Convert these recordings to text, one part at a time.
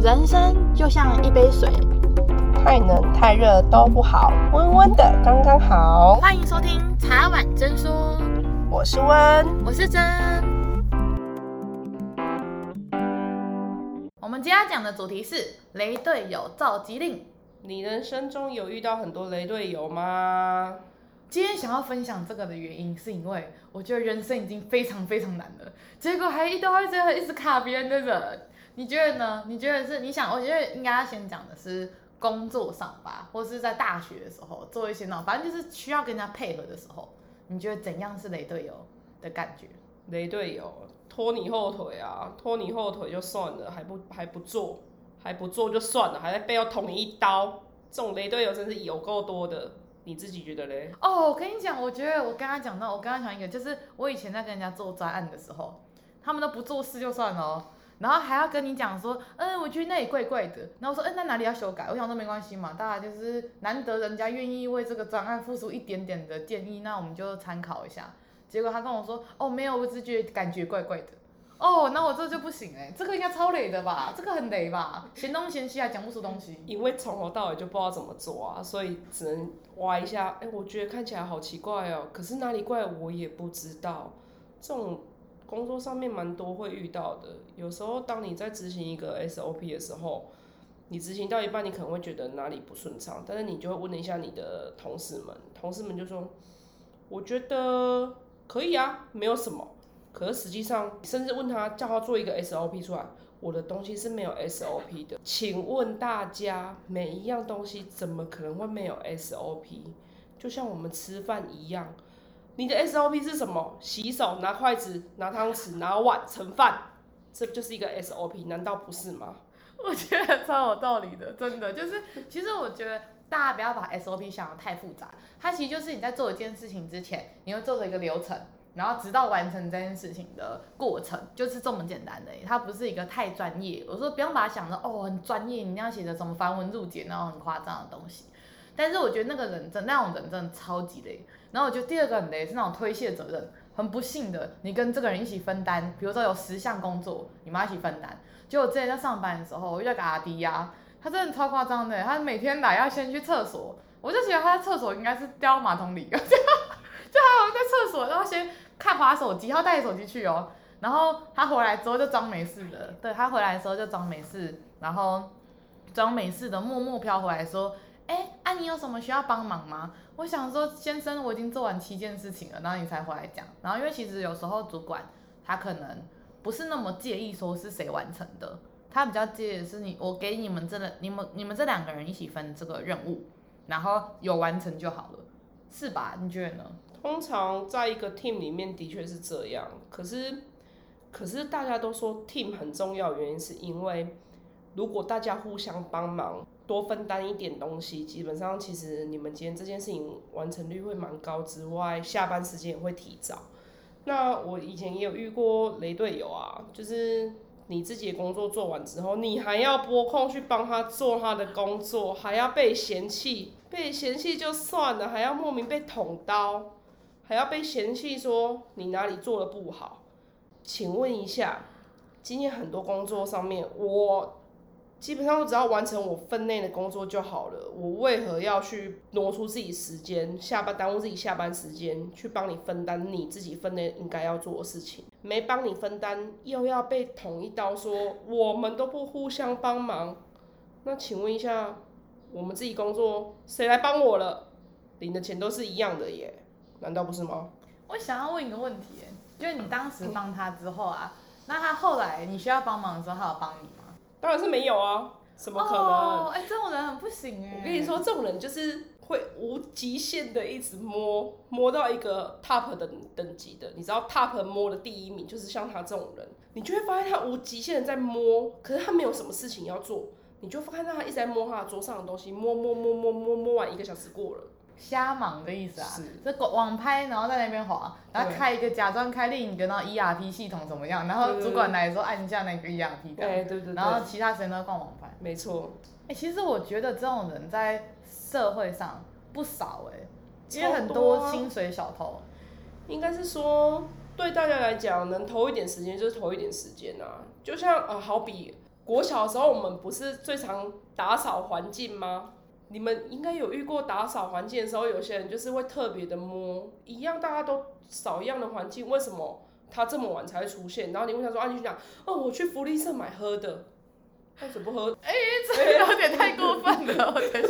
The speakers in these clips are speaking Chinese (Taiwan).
人生就像一杯水，太冷太熱都不好，溫溫的剛剛好。歡迎收聽茶碗真說，我是溫，我是真。我們今天要講的主題是雷隊友召集令。你人生中有遇到很多雷隊友嗎？今天想要分享這個的原因是因為我覺得人生已經非常非常難了，結果還遇到一直一直卡別人的。你覺得呢？你覺得是？你想，我覺得應該要先講的是工作上吧，或者是在大學的時候做一些那種，反正就是需要跟人家配合的時候，你覺得怎樣是雷隊友的感覺？雷隊友拖你後腿啊，拖你後腿就算了，還不還不做，還不做就算了，還在背後捅你一刀，這種雷隊友真是有夠多的。你自己覺得咧？哦，我跟你講，我覺得我剛剛講到，我剛剛講一個，就是我以前在跟人家做專案的時候，他們都不做事就算了。然後還要跟你講說，嗯、呃，我覺得那裡怪怪的。然後說，嗯、呃、那哪裡要修改？我想說沒關係嘛，大家就是難得人家願意為這個專案付出一點點的建議，那我們就參考一下。結果他跟我說，哦，沒有，我只覺得感覺怪怪的。哦，那我這就不行哎、欸，這個應該超雷的吧？這個很雷吧？嫌東嫌西還講不出東西。因為從頭到尾就不知道怎麼做啊，所以只能挖一下。哎，我覺得看起來好奇怪哦，可是哪裡怪我也不知道。這種。工作上面蠻多會遇到的，有時候當你在執行一個 SOP 的時候，你執行到一半，你可能會覺得哪裡不順暢，但是你就會問了一下你的同事們，同事們就說，我覺得可以啊，沒有什麼。可是實際上，你甚至問他叫他做一個 SOP 出來，我的東西是沒有 SOP 的。請問大家，每一樣東西怎麼可能會沒有 SOP？就像我們吃飯一樣。你的 S O P 是什麼？洗手、拿筷子、拿湯匙、拿碗盛飯，這不就是一個 S O P，難道不是嗎？我覺得超有道理的，真的就是，其實我覺得大家不要把 S O P 想的太複雜，它其實就是你在做一件事情之前，你會做的一個流程，然後直到完成這件事情的過程，就是這麼簡單的，它不是一個太專業。我說不用把它想的哦很專業，你那樣寫的什麼繁文縟節那種很誇張的東西，但是我覺得那個人真那種人真的超級累。然後我覺得第二個很雷是那種推卸責任，很不幸的，你跟這個人一起分擔，比如說有十項工作，你們一起分擔。結果我之前在上班的時候，我在跟阿迪呀，他真的超誇張的，他每天來要先去廁所，我就覺得他在廁所應該是掉馬桶裡，就 就還有在廁所，然後先看滑手機，他要帶手機去哦，然後他回來之後就裝沒事的，對他回來的時候就裝沒事，然後裝沒事的，默默飄回來說。哎，那、啊、你有什麼需要幫忙嗎？我想說，先生，我已經做完七件事情了，然後你才回來講。然後，因為其實有時候主管他可能不是那麼介意說是誰完成的，他比較介意的是你，我給你們這個，你們你們這兩個人一起分這個任務，然後有完成就好了，是吧？你覺得呢？通常在一個 team 裡面的確是這樣，可是可是大家都說 team 很重要，原因是因為如果大家互相幫忙。多分擔一點東西，基本上其實你們今天這件事情完成率會蠻高之外，下班時間也會提早。那我以前也有遇過雷隊友啊，就是你自己的工作做完之後，你還要撥空去幫他做他的工作，還要被嫌棄，被嫌棄就算了，還要莫名被捅刀，還要被嫌棄說你哪裡做的不好。請問一下，今天很多工作上面我。基本上我只要完成我分內的工作就好了。我為何要去挪出自己時間，下班耽誤自己下班時間，去幫你分擔你自己分內應該要做的事情？沒幫你分擔，又要被捅一刀說，說我們都不互相幫忙。那請問一下，我們自己工作誰來幫我了？領的錢都是一樣的耶，難道不是嗎？我想要問一個問題，就是你當時幫他之後啊、嗯，那他後來你需要幫忙的時候，他有幫你？當然是沒有啊，怎麼可能？哎、oh, 欸，這種人很不行哎、欸。我跟你說，這種人就是會無極限的一直摸，摸到一個 top 的等級的。你知道 top 摸的第一名就是像他這種人，你就會發現他無極限的在摸，可是他沒有什麼事情要做，你就發現他一直在摸他的桌上的東西，摸摸摸摸摸摸完一個小時過了。瞎忙的意思啊，這網拍，然後在那邊滑，然後開一個假裝開另一個 ERP 系統怎麼樣？然後主管來的時候按一下那個 ERP。對對對對，然後其他時間都在逛網拍。沒錯、欸。其實我覺得這種人在社會上不少哎、欸、啊，因為很多薪水小偷。應該是說，對大家來講，能偷一點時間就是偷一點時間吶、啊。就像啊、呃，好比國小的時候，我們不是最常打掃環境嗎？你們應該有遇過打掃環境的時候，有些人就是會特別的摸，一樣大家都掃一樣的環境，為什麼他這麼晚才出現？然後你問他說，啊，你去講，哦，我去福利社買喝的，他怎麼喝？哎、欸，這有點太過分了，我等下。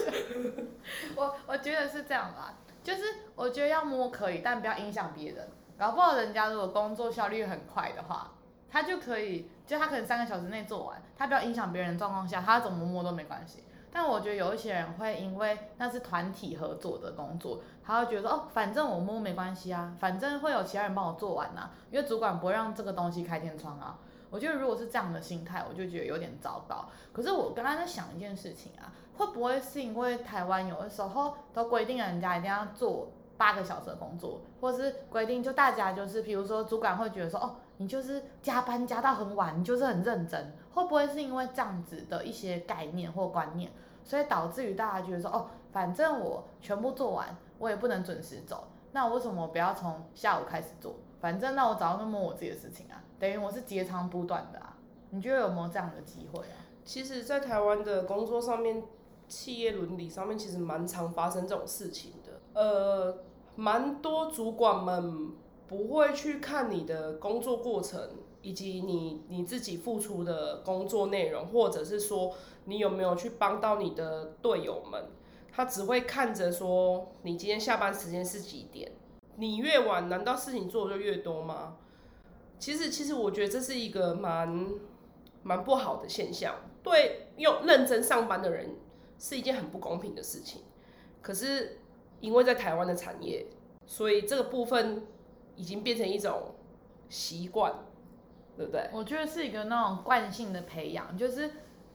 我我覺得是這樣吧，就是我覺得要摸可以，但不要影響別人。搞不好人家如果工作效率很快的話，他就可以，就他可能三個小時內做完，他不要影響別人的狀況下，他怎麼摸摸都沒關係。但我覺得有一些人會因為那是團體合作的工作，他會覺得說哦，反正我摸沒關係啊，反正會有其他人幫我做完吶、啊，因為主管不會讓這個東西開天窗啊。我覺得如果是這樣的心態，我就覺得有點糟糕。可是我剛剛在想一件事情啊，會不會是因為台灣有的時候都規定人家一定要做八個小時的工作，或是規定就大家就是比如說主管會覺得說哦。你就是加班加到很晚，你就是很認真，會不會是因為這樣子的一些概念或觀念，所以導致於大家覺得說，哦，反正我全部做完，我也不能準時走，那我為什麼不要從下午開始做？反正那我早上弄我自己的事情啊，等於我是截長補短的啊。你覺得有沒有這樣的機會啊？其實，在台灣的工作上面，企業倫理上面，其實蠻常發生這種事情的。呃，蠻多主管們。不會去看你的工作過程，以及你你自己付出的工作內容，或者是說你有沒有去幫到你的隊友們，他只會看着說你今天下班時間是幾點，你越晚，難道事情做的就越多嗎？其實，其實我覺得這是一個蠻蠻不好的現象，對，用認真上班的人是一件很不公平的事情。可是，因為在台灣的產業，所以這個部分。已經變成一種習慣，對不對？我覺得是一個那種慣性的培養，就是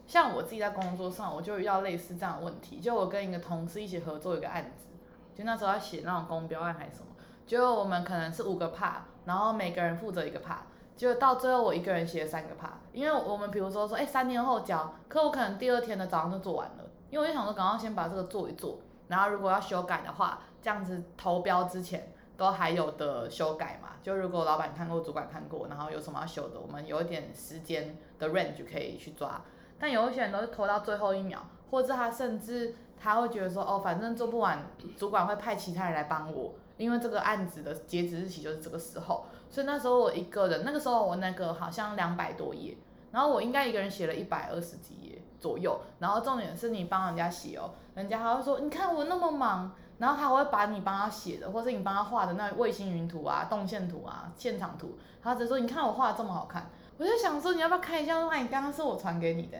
像我自己在工作上，我就遇到類似這樣的問題。就我跟一個同事一起合作一個案子，就那時候要寫那種公標案還是什麼，就我們可能是五個 part，然後每個人負責一個 part。a 結果到最後我一個人寫了三個 part，因為我們比如說說，哎、欸，三天後交，可我可能第二天的早上就做完了，因為我就想說，趕快先把這個做一做，然後如果要修改的話，這樣子投標之前。都還有的修改嘛，就如果老闆看過，主管看過，然後有什麼要修的，我們有一點時間的 range 可以去抓。但有一些人都是拖到最後一秒，或者他甚至他會覺得說，哦，反正做不完，主管會派其他人來幫我，因為這個案子的截止日期就是這個時候。所以那時候我一個人，那個時候我那個好像兩百多頁，然後我應該一個人寫了一百二十幾頁左右。然後重點是你幫人家寫哦，人家還會說，你看我那麼忙。然後他會把你幫他寫的，或是你幫他畫的那衛星雲圖啊、動線圖啊、現場圖，他直接說：“你看我畫的這麼好看。”我就想說：“你要不要看一下？”他、哎、你剛剛是我傳給你的，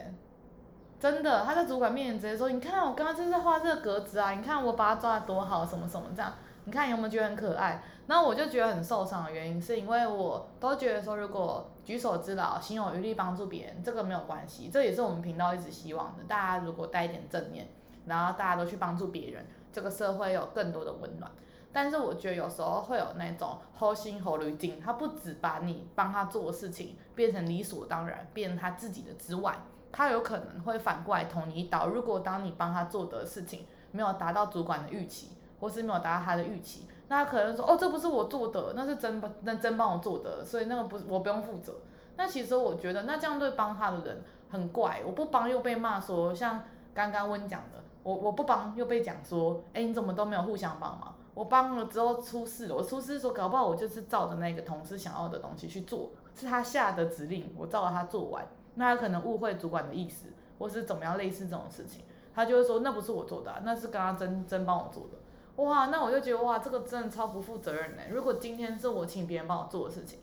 真的。”他在主管面前直接說：“你看我剛剛正在畫這個格子啊，你看我把它抓得多好，什麼什麼這樣。你看你有沒有覺得很可愛？”那我就覺得很受傷的原因，是因為我都覺得說，如果舉手之勞、心有餘力幫助別人，這個沒有關係，這也是我們頻道一直希望的。大家如果帶一點正面，然後大家都去幫助別人。這個社會有更多的溫暖，但是我覺得有時候會有那種好心乎雷親，他不只把你幫他做的事情變成理所當然，變成他自己的之外，他有可能會反過來捅你一刀。如果當你幫他做的事情沒有達到主管的預期，或是沒有達到他的預期，那他可能說哦，這不是我做的，那是真那真幫我做的，所以那個不我不用負責。那其實我覺得那這樣對幫他的人很怪，我不幫又被罵說像剛剛溫講的。我我不幫，又被講說，哎、欸，你怎麼都沒有互相幫忙？我幫了之後出事了，我出事的時候，搞不好我就是照着那個同事想要的東西去做，是他下的指令，我照着他做完，那他可能誤會主管的意思，或是怎麼樣類似這種事情，他就會說那不是我做的、啊，那是剛剛真真幫我做的，哇，那我就覺得哇，這個真的超不負責任嘞、欸。如果今天是我請別人幫我做的事情，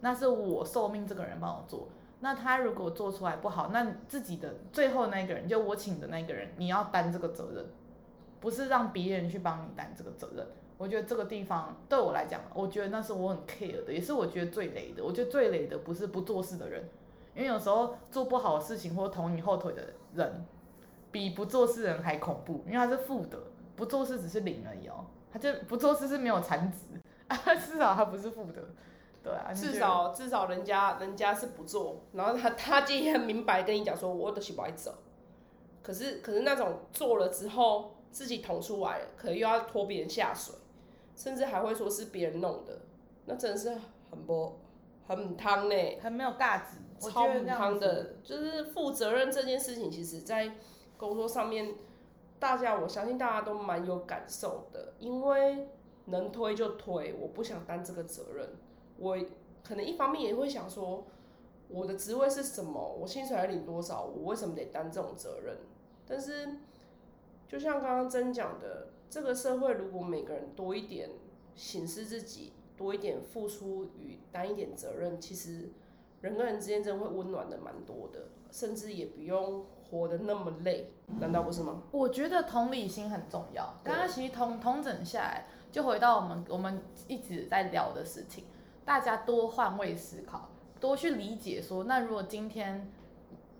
那是我受命這個人幫我做。那他如果做出來不好，那自己的最後那個人，就我請的那個人，你要擔這個責任，不是讓別人去幫你擔這個責任。我覺得這個地方對我來講，我覺得那是我很 care 的，也是我覺得最累的。我覺得最累的不是不做事的人，因為有時候做不好的事情或捅你後腿的人，比不做事的人還恐怖，因為他是負的，不做事只是零而已哦，他就不做事是沒有產值，啊，至少他不是負的。至少至少，至少人家人家是不做，然後他他今天很明白跟你講說我都洗白走，可是可是那種做了之後自己捅出來可能又要拖別人下水，甚至還會說是別人弄的，那真的是很不很湯呢、欸，很沒有大義，超很湯的，就是負責任這件事情，其實在工作上面大家我相信大家都蠻有感受的，因為能推就推，我不想擔這個責任。我可能一方面也會想說，我的職位是什麼，我薪水要領多少，我為什麼得擔這種責任？但是，就像剛剛真講的，這個社會如果每個人多一點省思自己，多一點付出與擔一點責任，其實人跟人之間真的會溫暖的蠻多的，甚至也不用活得那麼累，難道不是嗎？我覺得同理心很重要。剛剛其實同同整下來，就回到我們我們一直在聊的事情。大家多換位思考，多去理解。說，那如果今天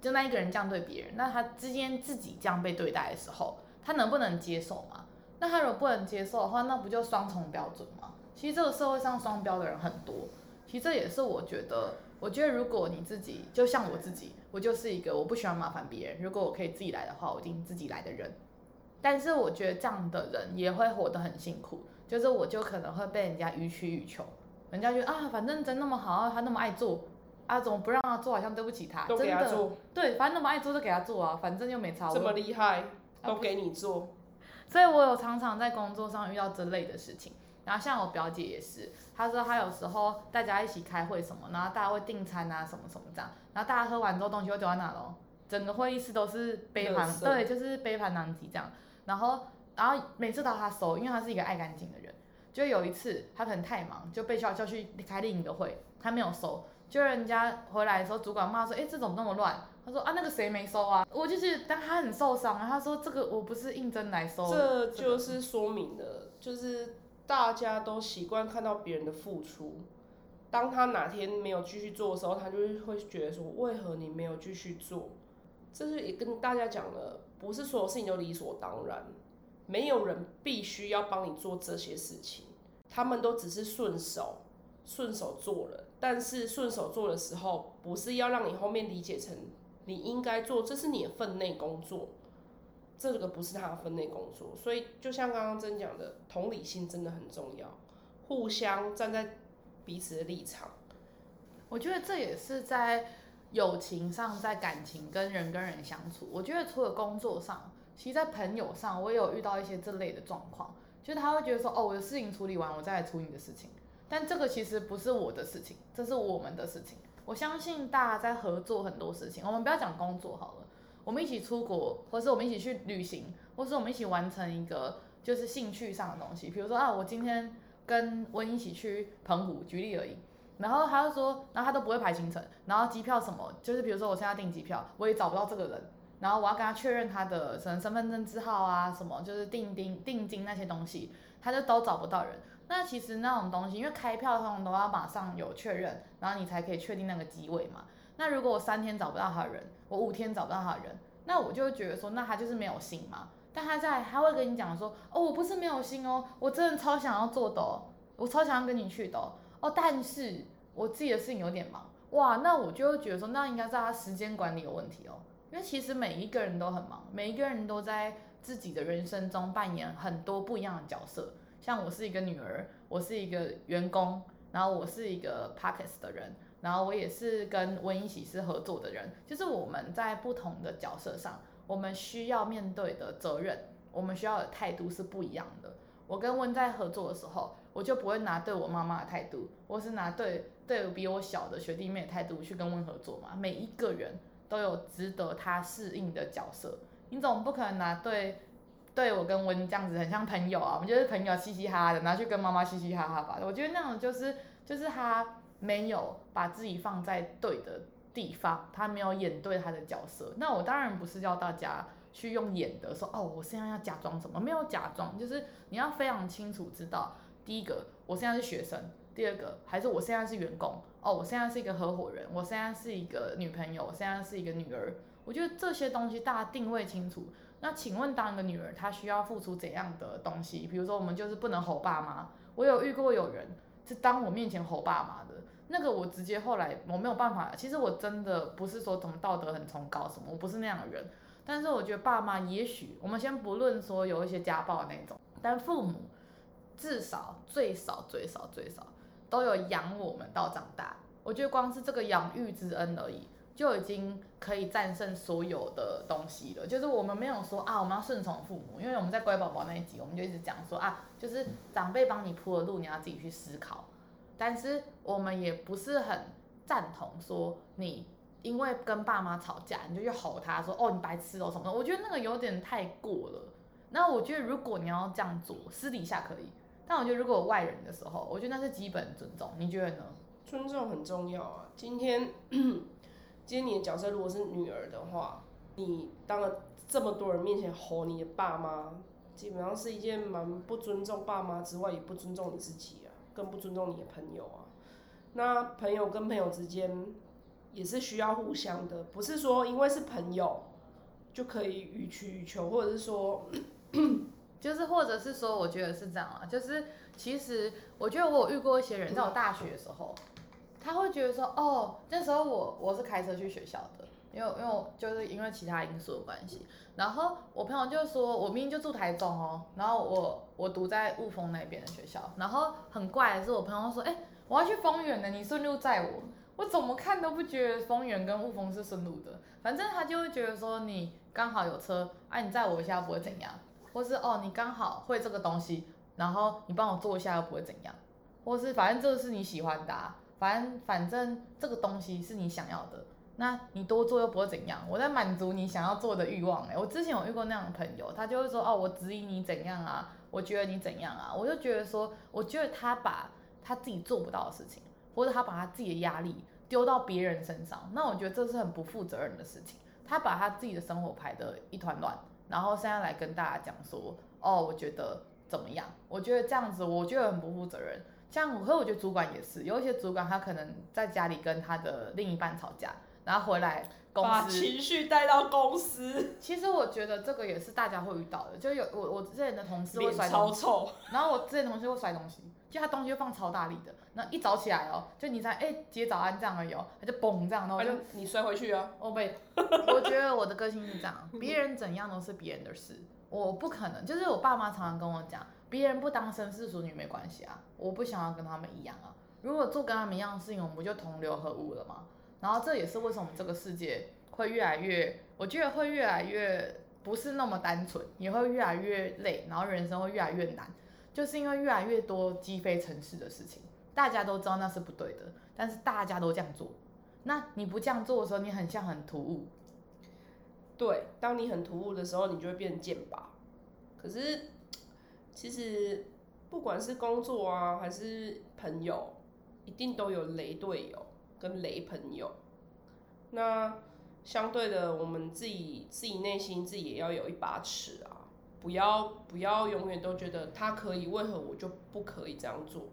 就那一個人這樣對別人，那他之間自己這樣被對待的時候，他能不能接受嘛？那他如果不能接受的話，那不就雙重標準嗎？其實這個社會上雙標的人很多。其實這也是我覺得，我覺得如果你自己就像我自己，我就是一個我不喜歡麻煩別人，如果我可以自己來的話，我一定自己來的人。但是我覺得這樣的人也會活得很辛苦，就是我就可能會被人家予取予求。人家就啊，反正真那麼好，他那麼愛做，啊，怎麼不讓他做？好像對不起他，都給他做，真的，對，反正那麼愛做就給他做啊，反正又沒差。這麼厲害，啊，都給你做。所以我有常常在工作上遇到這類的事情，然後像我表姐也是，她說她有時候大家一起開會什麼，然後大家會訂餐啊，什麼什麼這樣，然後大家喝完之後東西會丟在哪咯。整個會議室都是杯盤，對，就是杯盤狼藉這樣。然後，然後每次都是他收，因為他是一個愛乾淨的人。就有一次，他可能太忙，就被叫叫去開另一個會，他沒有收。就人家回來的時候，主管罵說：“哎、欸，這怎麼那麼亂？”他說：“啊，那個誰沒收啊？”我就是，當他很受傷啊。他說：“這個我不是應徵來收。”這、這個、就是說明了，就是大家都習慣看到別人的付出。當他哪天沒有繼續做的時候，他就會覺得說：“為何你沒有繼續做？”這是也跟大家講了，不是所有事情都理所當然。沒有人必須要幫你做這些事情，他們都只是順手順手做了，但是順手做的時候，不是要讓你後面理解成你應該做，這是你的分內工作，這個不是他的分內工作。所以，就像剛剛真講的，同理心真的很重要，互相站在彼此的立場。我覺得這也是在友情上，在感情跟人跟人相處，我覺得除了工作上。其實，在朋友上，我也有遇到一些這類的狀況，就是他會覺得說，哦，我的事情處理完，我再來處理你的事情。但這個其實不是我的事情，這是我們的事情。我相信大家在合作很多事情，我們不要講工作好了，我們一起出國，或是我們一起去旅行，或是我們一起完成一個就是興趣上的東西，比如說啊，我今天跟溫一起去澎湖，舉例而已。然後他就說，然後他都不會排行程，然後機票什麼，就是比如說我現在訂機票，我也找不到這個人。然後我要跟他確認他的身身份證字號啊，什麼就是定金、定金那些東西，他就都找不到人。那其實那種東西，因為開票通常都要馬上有確認，然後你才可以確定那個機位嘛。那如果我三天找不到他的人，我五天找不到他的人，那我就會覺得說，那他就是沒有心嘛。但他在他會跟你講說，哦，我不是沒有心哦，我真的超想要做的哦，我超想要跟你去的哦。哦，但是我自己的事情有點忙哇，那我就會覺得說，那應該是他時間管理有問題哦。因為其實每一個人都很忙，每一個人都在自己的人生中扮演很多不一樣的角色。像我是一個女兒，我是一個員工，然後我是一個 Parkes 的人，然後我也是跟溫一起是合作的人。就是我們在不同的角色上，我們需要面對的責任，我們需要的態度是不一樣的。我跟溫在合作的時候，我就不會拿對我媽媽的態度，或是拿對對比我小的學弟妹的態度去跟溫合作嘛。每一個人。都有值得他適應的角色，你總不可能拿對對我跟溫這樣子很像朋友啊，我們就是朋友，嘻嘻哈哈的，拿去跟媽媽嘻嘻哈哈吧。我覺得那種就是就是他沒有把自己放在對的地方，他沒有演對他的角色。那我當然不是叫大家去用演的說哦，我現在要假裝什麼，沒有假裝，就是你要非常清楚知道，第一個，我現在是學生。第二個還是我現在是員工哦，我現在是一個合夥人，我現在是一個女朋友，我現在是一個女兒。我覺得這些東西大家定位清楚。那請問當一個女兒，她需要付出怎樣的東西？比如說我們就是不能吼爸媽。我有遇過有人是當我面前吼爸媽的，那個我直接後來我沒有辦法。其實我真的不是說怎麼道德很崇高什麼，我不是那樣的人。但是我覺得爸媽，也許我們先不論說有一些家暴那種，但父母至少最少最少最少。最少最少都有養我們到長大，我覺得光是這個養育之恩而已，就已經可以戰勝所有的東西了。就是我們沒有說啊，我們要順從父母，因為我們在乖寶寶那一集，我們就一直講說啊，就是長輩幫你鋪了路，你要自己去思考。但是我們也不是很贊同說你因為跟爸媽吵架，你就去吼他說哦你白痴哦、喔、什麼的。我覺得那個有點太過了。那我覺得如果你要這樣做，私底下可以。但我覺得，如果有外人的時候，我覺得那是基本尊重。你覺得呢？尊重很重要啊。今天，今天你的角色如果是女兒的話，你當了這麼多人面前吼你的爸媽，基本上是一件蠻不尊重爸媽之外，也不尊重你自己啊，更不尊重你的朋友啊。那朋友跟朋友之間也是需要互相的，不是說因為是朋友就可以予取予求，或者是說。 就是，或者是說，我覺得是這樣啊。就是，其實我覺得我有遇過一些人，在我大學的時候，他會覺得說，哦，那時候我我是開車去學校的，因為因為就是因為其他因素的關係。然後我朋友就說，我明明就住台中哦，然後我我讀在霧峰那邊的學校。然後很怪的是，我朋友說，哎，我要去豐原的，你順路載我。我怎麼看都不覺得豐原跟霧峰是順路的。反正他就會覺得說，你剛好有車，啊你載我一下不會怎樣。或是哦，你剛好會這個東西，然後你幫我做一下又不會怎樣。或是反正這個是你喜歡的啊，反正反正這個東西是你想要的，那你多做又不會怎樣。我在滿足你想要做的欲望欸。哎，我之前有遇過那樣的朋友，他就會說哦，我指引你怎樣啊，我覺得你怎樣啊。我就覺得說，我覺得他把他自己做不到的事情，或者他把他自己的壓力丟到別人身上，那我覺得這是很不負責任的事情。他把他自己的生活排得一團亂。然後現在來跟大家講說，哦，我覺得怎麼樣？我覺得這樣子，我覺得很不負責任。像我和我覺得主管也是，有一些主管他可能在家裡跟他的另一半吵架，然後回來。把情緒帶到公司，其實我覺得這個也是大家會遇到的，就有我我之前的同事會摔超臭，然後我之前同事會摔東西，就他東西會放超大力的，那一早起來哦，就你在哎接早安這樣而已，哦，他就嘣這樣，然後就、啊、你摔回去啊，哦被，我覺得我的個性是這樣， 別人怎樣都是別人的事，我不可能，就是我爸媽常常跟我講，別人不當紳士淑女沒關係啊，我不想要跟他們一樣啊，如果做跟他們一樣的事情，我們不就同流合污了嗎？然後這也是為什麼這個世界會越來越，我覺得會越來越不是那麼單純，也會越來越累，然後人生會越來越難，就是因為越來越多積非成是的事情，大家都知道那是不對的，但是大家都這樣做，那你不這樣做的時候，你很像很突兀，對，當你很突兀的時候，你就會變得劍拔。可是其實不管是工作啊，還是朋友，一定都有雷隊友。跟雷朋友，那相對的，我們自己自己內心自己也要有一把尺啊，不要不要永遠都覺得他可以，為何我就不可以這樣做？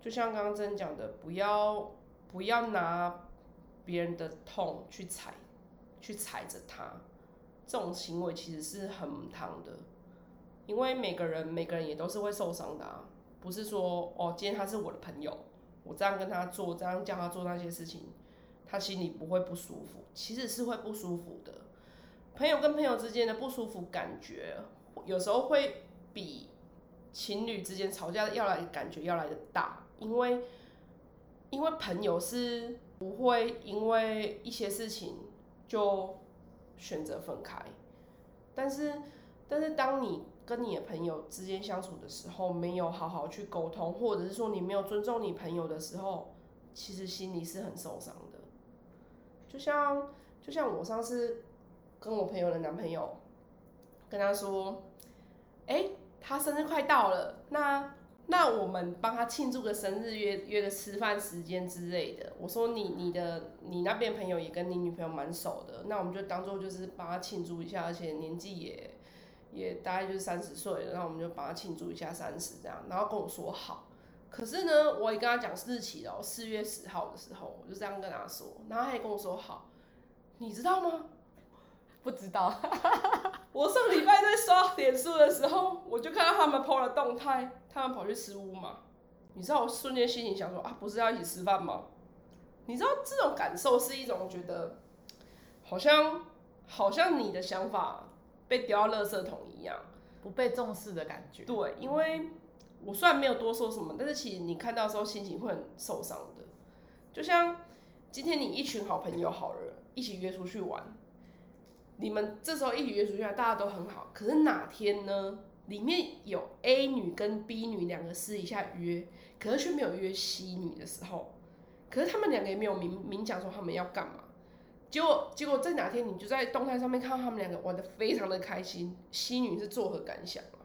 就像剛剛真的講的，不要不要拿別人的痛去踩，去踩着他，這種行為其實是很不妥的，因為每個人每個人也都是會受傷的啊，不是說哦，今天他是我的朋友。我這樣跟他做，這樣叫他做那些事情，他心裡不會不舒服，其實是會不舒服的。朋友跟朋友之間的不舒服感覺，有時候會比情侶之間吵架的要來的感覺要來的大，因為因為朋友是不會因為一些事情就選擇分開，但是但是當你，跟你的朋友之間相處的時候，沒有好好去溝通，或者是說你沒有尊重你朋友的時候，其實心裡是很受傷的。就像就像我上次跟我朋友的男朋友，跟他說，哎、欸，他生日快到了，那那我們幫他慶祝個生日，約約個吃飯時間之類的。我說你你的你那邊朋友也跟你女朋友蠻熟的，那我們就當做就是幫他慶祝一下，而且年紀也。也大概就是三十歲了，然後我們就幫他慶祝一下三十，這樣，然後跟我說好。可是呢，我也跟他講日期嘍，四月十號的時候，我就這樣跟他說，然後他也跟我說好。你知道嗎？不知道。 我上禮拜在刷臉書的時候，我就看到他們 PO 了動態，他們跑去吃烏嘛。你知道，我瞬間心裡想說啊，不是要一起吃飯嗎？你知道這種感受是一種覺得，好像好像你的想法。被丟到垃圾桶一樣，不被重視的感覺。對，因為我雖然沒有多說什麼，但是其實你看到的時候心情會很受傷的。就像今天你一群好朋友、好人一起約出去玩，你們這時候一起約出去玩，大家都很好。可是哪天呢？裡面有 A 女跟 B 女兩個私底下約，可是卻沒有約 C 女的時候，可是他們兩個也沒有明明講說他們要幹嘛。結果，結果這兩天你就在動態上面看到他們兩個玩的非常的開心，西女是作何感想啊？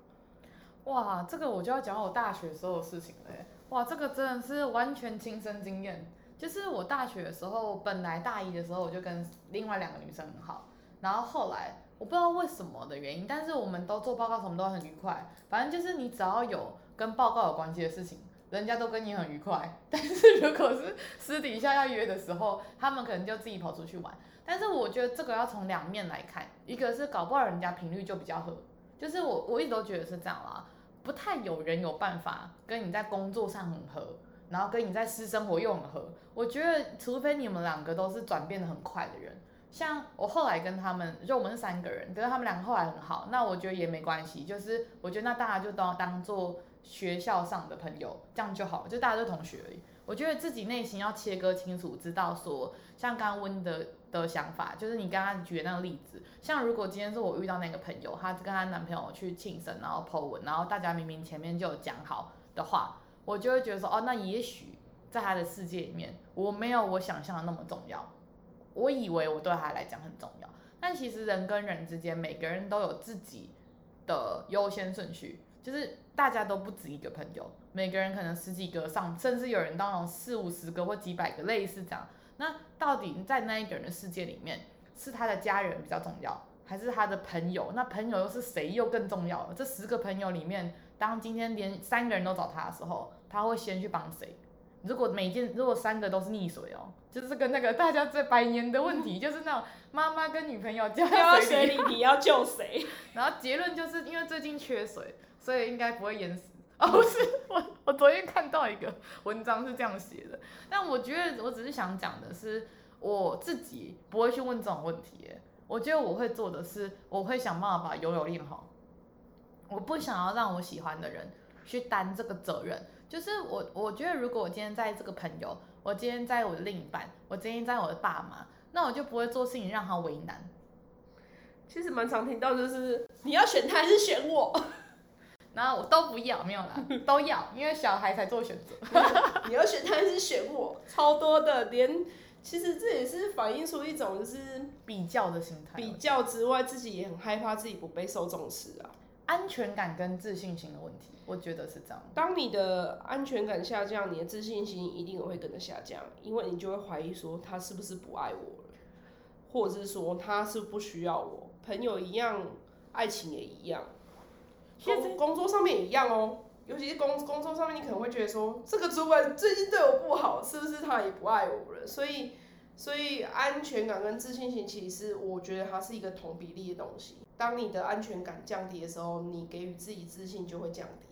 哇，這個我就要講我大學的時候的事情嘞。哇，這個真的是完全親身經驗，就是我大學的時候，本來大一的時候我就跟另外兩個女生很好，然後後來我不知道為什麼的原因，但是我們都做報告什麼都很愉快，反正就是你只要有跟報告有關係的事情，人家都跟你很愉快，但是如果是私底下要約的時候，他們可能就自己跑出去玩。但是我覺得這個要從兩面來看，一個是搞不好人家頻率就比較合，就是我我一直都覺得是這樣啦，不太有人有辦法跟你在工作上很合，然後跟你在私生活又很合。我覺得除非你們兩個都是轉變得很快的人，像我後來跟他們，就我們是三個人，可，就是他們兩個後來很好，那我覺得也沒關係。就是我覺得那大家就都當做。當學校上的朋友，這樣就好了，就大家都同學而已。我覺得自己內心要切割清楚，知道說，像剛剛 Win 的的想法，就是你剛剛舉的那個例子，像如果今天是我遇到那個朋友，她跟她男朋友去慶生，然後 po 文，然後大家明明前面就有講好的話，我就會覺得說，哦，那也許在他的世界裡面，我沒有我想象的那麼重要。我以為我對他來講很重要，但其實人跟人之間，每個人都有自己的優先順序。就是大家都不止一個朋友，每個人可能十幾個上，甚至有人當中四五十個或幾百個，類似這樣。那到底在那一個人的世界裡面，是他的家人比較重要，還是他的朋友？那朋友又是誰又更重要？這十個朋友裡面，當今天連三個人都找他的時候，他會先去幫誰？如果每件，如果三個都是溺水哦、喔，就是跟那個大家最拜年的問題，嗯、就是那媽媽跟女朋友掉到水裡要，你要救誰？ 然後結論就是因為最近缺水。所以應該不會淹死不、oh, 是我，我昨天看到一個文章是這樣寫的，但我覺得我只是想講的是我自己不會去問這種問題。我覺得我會做的是，我會想辦法把游泳練好。我不想要讓我喜歡的人去擔這個責任。就是我，我覺得如果我今天在這個朋友，我今天在我的另一半，我今天在我的爸媽，那我就不會做事情讓他為難。其實蠻常聽到就是你要選他還是選我？ 那我都不要，沒有啦，都要，因為小孩才做選擇。 你要選他是選我？超多的，連其實這也是反映出一種就是比較的心態。比較之外、嗯，自己也很害怕自己不被受重視啊，安全感跟自信心的問題， 我覺得是這樣。當你的安全感下降，你的自信心一定會跟着下降，因為你就會懷疑說他是不是不愛我了，或者是說他是不需要我。朋友一樣，愛情也一樣。工工作上面也一樣哦，尤其是工工作上面，你可能會覺得說，這個主管最近對我不好，是不是他也不愛我了？所以，所以安全感跟自信心，其實我覺得它是一個同比例的東西。當你的安全感降低的時候，你給予自己自信就會降低。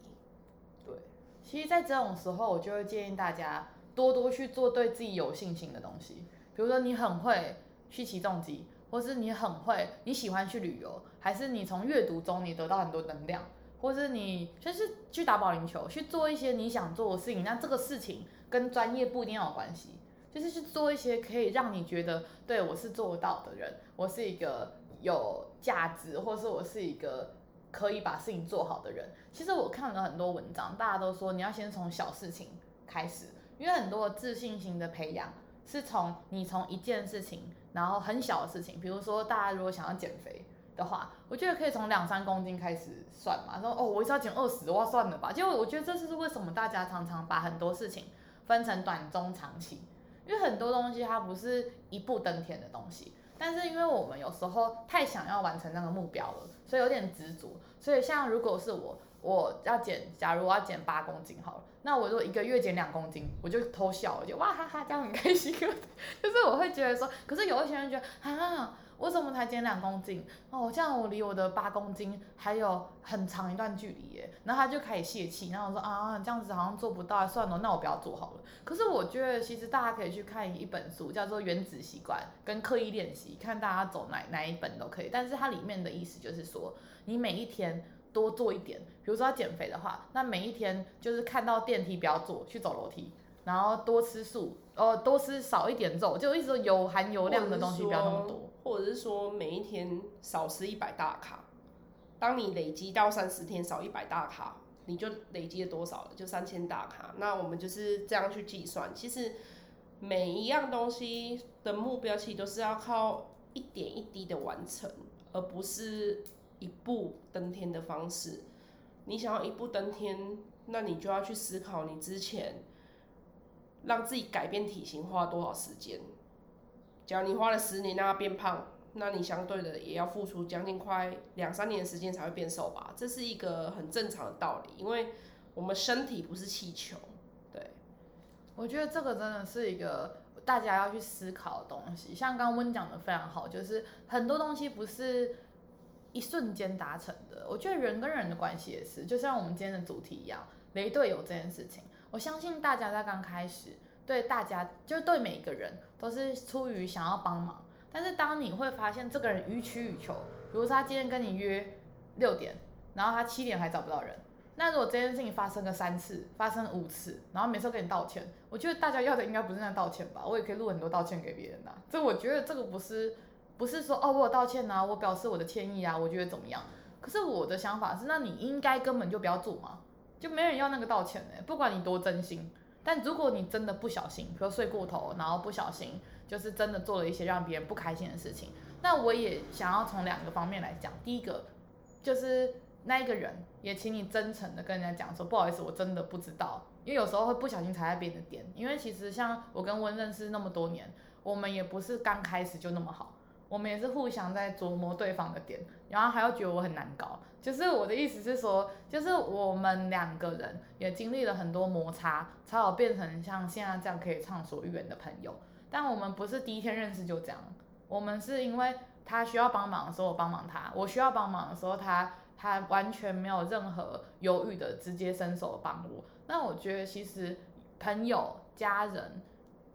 對，其實，在這種時候，我就會建議大家多多去做對自己有信心的東西，比如說你很會去騎重機，或是你很會你喜歡去旅遊。還是你從閱讀中你得到很多能量，或是你就是去打保齡球，去做一些你想做的事情。那這個事情跟專業不一定有關係，就是去做一些可以讓你覺得對，我是做得到的人，我是一個有價值，或是我是一個可以把事情做好的人。其實我看了很多文章，大家都說你要先從小事情開始，因為很多自信心的培養是從你從一件事情，然後很小的事情，比如說大家如果想要減肥。的話，我覺得可以從兩三公斤開始算嘛。說哦，我一直要減二十，我算了吧。結果我覺得這就是為什麼大家常常把很多事情分成短、中、長期，因為很多東西它不是一步登天的東西。但是因為我們有時候太想要完成那個目標了，所以有點執着。所以像如果是我，我要減，假如我要減八公斤好了，那我如果一個月減兩公斤，我就偷笑，我就哇哈哈，這樣很開心。就是我會覺得說，可是有一些人覺得啊。我怎麼才減兩公斤？哦，這樣我離我的八公斤還有很長一段距離耶。然後他就開始洩氣，然後說啊，這樣子好像做不到，算了，那我不要做好了。可是我覺得其實大家可以去看一本書，叫做《原子習慣》跟《刻意練習》，看大家走哪哪一本都可以。但是它裡面的意思就是說，你每一天多做一點，比如說要減肥的話，那每一天就是看到電梯不要坐，去走樓梯。然後多吃素，哦、呃，多吃少一點肉，就意思說有含油量的東西不要那麼多，或者是說每一天少吃一百大卡，當你累積到三十天少一百大卡，你就累積了多少了？就三千大卡。那我們就是這樣去計算。其實每一樣東西的目標其實都是要靠一點一滴的完成，而不是一步登天的方式。你想要一步登天，那你就要去思考你之前，讓自己改變體型花多少時間？假如你花了十年讓它變胖，那你相對的也要付出將近快兩三年的時間才會變瘦吧？這是一個很正常的道理，因為我們身體不是氣球。對，我覺得這個真的是一個大家要去思考的東西。像剛剛講的非常好，就是很多東西不是一瞬間達成的。我覺得人跟人的關係也是，就像我們今天的主題一樣，雷隊友這件事情。我相信大家在剛開始，對大家就是對每一個人都是出於想要幫忙。但是當你會發現這個人予取予求，比如說他今天跟你約六點，然後他七點還找不到人，那如果這件事情發生了三次、發生了五次，然後每次跟你道歉，我覺得大家要的應該不是那道歉吧？我也可以錄很多道歉給別人吶、啊。這我覺得這個不是，不是說哦，我道歉吶、啊，我表示我的歉意啊，我覺得怎麼樣？可是我的想法是，那你應該根本就不要做嗎？就沒人要那個道歉的，不管你多真心，但如果你真的不小心，比如說睡過頭，然後不小心就是真的做了一些讓別人不開心的事情，那我也想要從兩個方面來講。第一個就是那一個人，也請你真誠的跟人家講說，不好意思，我真的不知道，因為有時候會不小心踩在別人的點。因為其實像我跟溫認識那麼多年，我們也不是剛開始就那麼好。我們也是互相在琢磨對方的點，然後還要覺得我很難搞。就是我的意思是說，就是我們兩個人也經歷了很多摩擦，才好變成像現在這樣可以暢所欲言的朋友。但我們不是第一天認識就這樣，我們是因為他需要幫忙的時候我幫忙他，我需要幫忙的時候他他完全沒有任何猶豫，的直接伸手的幫我。那我覺得其實朋友、家人、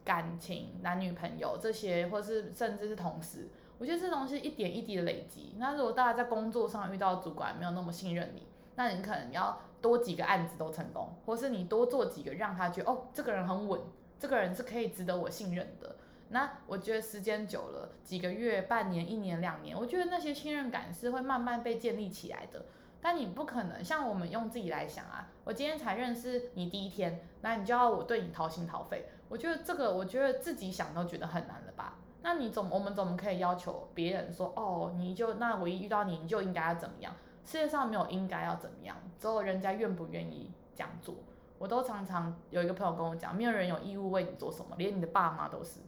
感情、男女朋友這些，或是甚至是同事。我覺得這東西一點一滴的累積。那如果大家在工作上遇到主管沒有那麼信任你，那你可能要多幾個案子都成功，或是你多做幾個讓他覺得哦，這個人很穩，這個人是可以值得我信任的。那我覺得時間久了，幾個月、半年、一年、兩年，我覺得那些信任感是會慢慢被建立起來的。但你不可能像我們用自己來想啊，我今天才認識你第一天，那你就要我對你掏心掏肺。我覺得這個，我覺得自己想都覺得很難了吧。那你怎麼我們怎麼可以要求別人說哦，你就那我一遇到你，你就應該要怎麼樣？世界上沒有應該要怎麼樣，只有人家願不願意這樣做。我都常常有一個朋友跟我講，沒有人有義務為你做什麼，連你的爸媽都是，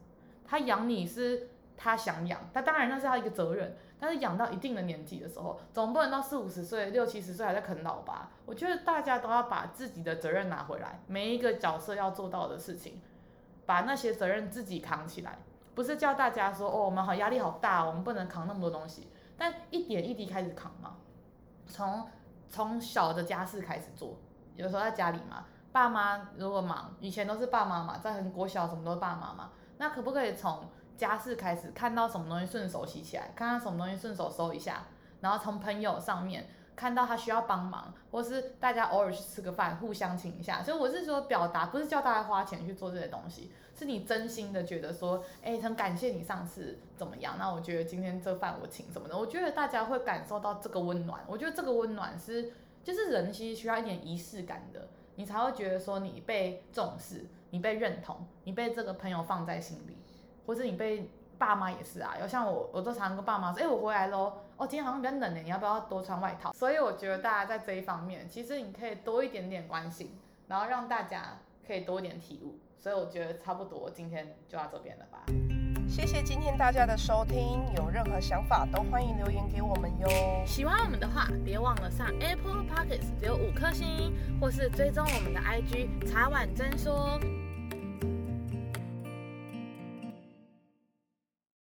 他養你是他想養，他當然那是他一個責任，但是養到一定的年紀的時候，總不能到四五十歲、六七十歲還在啃老吧？我覺得大家都要把自己的責任拿回來，每一個角色要做到的事情，把那些責任自己扛起來。不是叫大家說哦，我們好，壓力好大，我們不能扛那麼多東西，但一點一滴開始扛嘛，從從小的家事開始做。有時候在家裡嘛，爸媽如果忙，以前都是爸媽嘛，在很國小什麼都是爸媽嘛，那可不可以從家事開始，看到什麼東西順手洗起來，看到什麼東西順手收一下，然後從朋友上面。看到他需要幫忙，或是大家偶爾去吃個飯，互相請一下。所以我是說表達，不是叫大家花錢去做這些東西，是你真心的覺得說，誒、欸，很感謝你上次怎麼樣，那我覺得今天這飯我請什麼的。我覺得大家會感受到這個溫暖。我覺得這個溫暖是，就是人其實需要一點儀式感的，你才會覺得說你被重視，你被認同，你被這個朋友放在心裡，或者你被爸媽也是啊。要像我，我都常跟爸媽說，誒、欸，我回來咯。哦，今天好像比較冷呢，你要不要多穿外套？所以我覺得大家在這一方面，其實你可以多一點點關心，然後讓大家可以多一點體悟。所以我覺得差不多，今天就到這邊了吧。謝謝今天大家的收聽，有任何想法都歡迎留言給我們喲。喜歡我們的話，別忘了上 Apple Podcast 留五顆星，或是追蹤我們的 IG 茶碗真說。